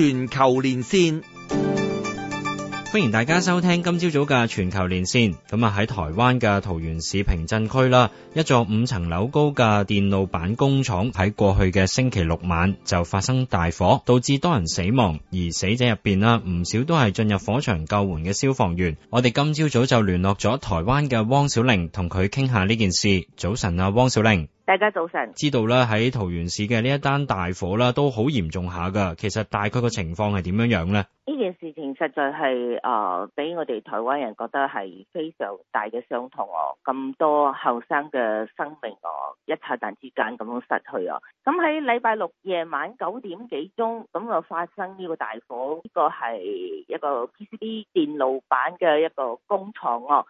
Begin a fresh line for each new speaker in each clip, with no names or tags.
全球連線，歡迎大家收聽今朝早嘅全球連線。咁啊，喺台灣嘅桃園市平鎮區啦，一座五層樓高嘅電路板工廠喺過去嘅星期六晚就發生大火，導致多人死亡，而死者入邊啦唔少都係進入火場救援嘅消防員。我哋今朝早就聯絡咗台灣嘅汪小玲，同佢傾下呢件事。早晨啊，汪小玲。
大家早晨，
知道啦，喺桃園市嘅呢一單大火啦，都好嚴重下噶。其實大概嘅情況係點樣樣咧？
呢件事情實在係啊，俾、呃、我哋台灣人覺得係非常大嘅傷痛哦。咁多後生嘅生命哦，一剎那之間咁樣失去哦。咁喺禮拜六夜晚九點幾鐘咁就發生呢個大火，呢、這個係一個 PCB 電路板嘅一個工廠哦。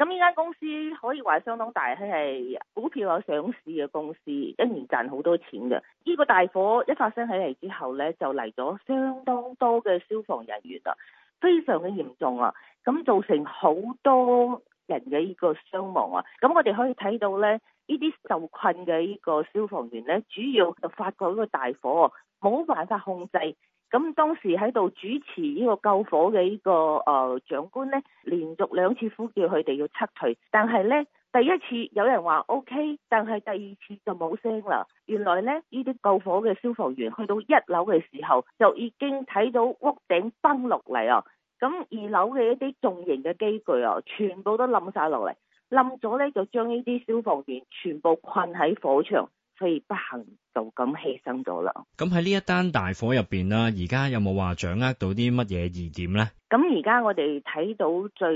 咁呢間公司可以話相當大，佢係股票有上市嘅公司，一年賺好多錢嘅。呢個大火一發生起嚟之後呢，就嚟咗相當多嘅消防人員啦，非常嘅嚴重啊！咁造成好多人嘅呢個傷亡啊，咁我哋可以睇到呢，呢啲受困嘅呢個消防員呢，主要就發覺呢個大火冇辦法控制，咁當時喺度主持呢個救火嘅呢、呢個誒、呃、長官呢，連續兩次呼叫佢哋要撤退，但係呢，第一次有人話 OK，但係第二次就冇聲啦。原來呢，呢啲救火嘅消防員去到一樓嘅時候，就已經睇到屋頂崩落嚟啊！咁二樓嘅一啲重型嘅機具啊，全部都冧晒落嚟，冧咗呢，就將呢啲消防員全部困喺火場，所以不幸就咁犧牲咗啦。
咁喺呢一單大火入邊啦，而家有冇話掌握到啲乜嘢疑點呢？
咁而家我哋睇到最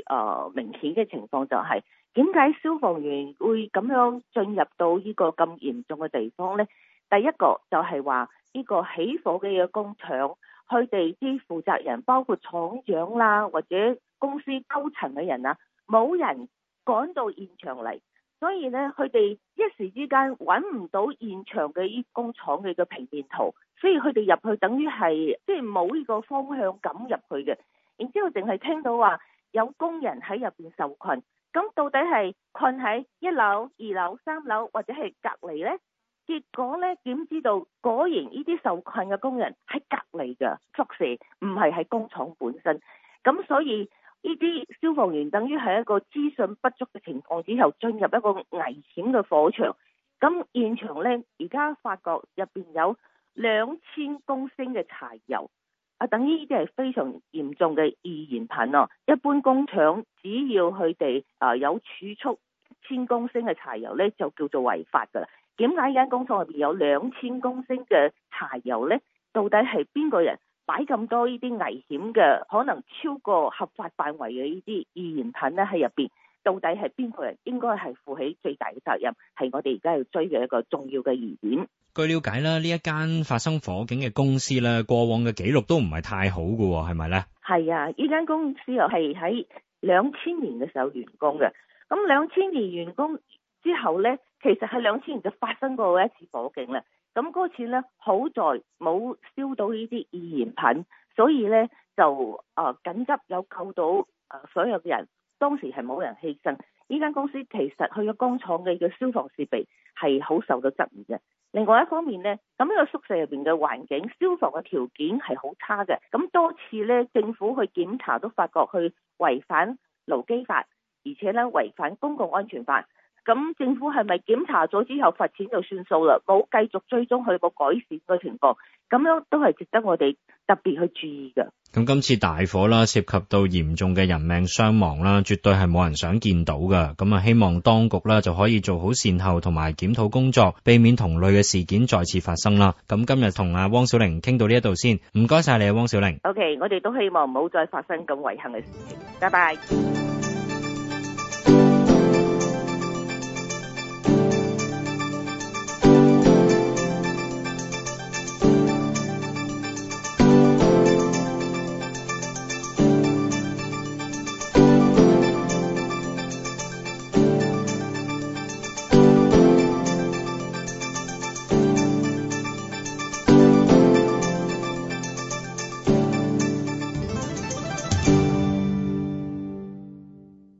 誒、呃、明顯嘅情況就係、是，點解消防員會咁樣進入到呢個咁嚴重嘅地方呢？第一個就係話呢個起火嘅工廠。佢哋啲負責人，包括廠長啦、啊，或者公司高層嘅人啊，冇人趕到現場嚟，所以呢，佢哋一時之間揾唔到現場嘅呢工廠嘅嘅平面圖，所以佢哋入去等於係即係冇呢個方向，噉入去嘅。然之後淨係聽到話有工人喺入邊受困，咁到底係困喺一樓、二樓、三樓，或者係隔離呢？結果咧，點知道？果然呢啲受困嘅工人喺隔離嘅宿舍，唔係喺工廠本身。咁所以呢啲消防員等於係一個資訊不足嘅情況之後，進入一個危險嘅火場。咁現場呢，而家發覺入邊有兩千公升嘅柴油，啊，等於呢啲係非常嚴重嘅易燃品哦。一般工廠只要佢哋啊有儲蓄一千公升嘅柴油呢，就叫做違法噶啦。點解呢間工廠入邊有兩千公升嘅柴油咧？到底係邊個人擺咁多呢啲危險嘅，可能超過合法範圍嘅呢啲易燃品咧？喺入邊到底係邊個人應該係負起最大嘅責任？係我哋而家要追嘅一個重要嘅疑點。
據了解啦，呢一間發生火警嘅公司啦，過往嘅記錄都唔係太好㗎，係咪咧？
係啊，呢間公司又係喺兩千年嘅時候完工嘅，咁兩千年完工。之後呢，其實喺兩千年就發生過一次火警啦。咁嗰次呢，好在冇燒到呢啲易燃品，所以呢就啊，緊急有救到啊所有嘅人。當時係冇人犧牲。呢間公司其實去咗工廠嘅消防設備係好受到質疑嘅。另外一方面呢，咁呢個宿舍入面嘅環境、消防嘅條件係好差嘅。咁多次呢，政府去檢查都發覺去違反勞基法，而且咧違反公共安全法。咁政府係咪檢查咗之後罰錢就算數啦？冇繼續追蹤佢個改善嘅情況，咁樣都係值得我哋特別去注意嘅。
咁今次大火啦，涉及到嚴重嘅人命傷亡啦，絕對係冇人想見到嘅。咁啊，希望當局啦就可以做好善後同埋檢討工作，避免同類嘅事件再次發生啦。咁今日同阿汪小玲傾到呢一度先，唔該晒你啊，汪小玲。
OK，我哋都希望唔好再發生咁遺憾嘅事情。拜拜。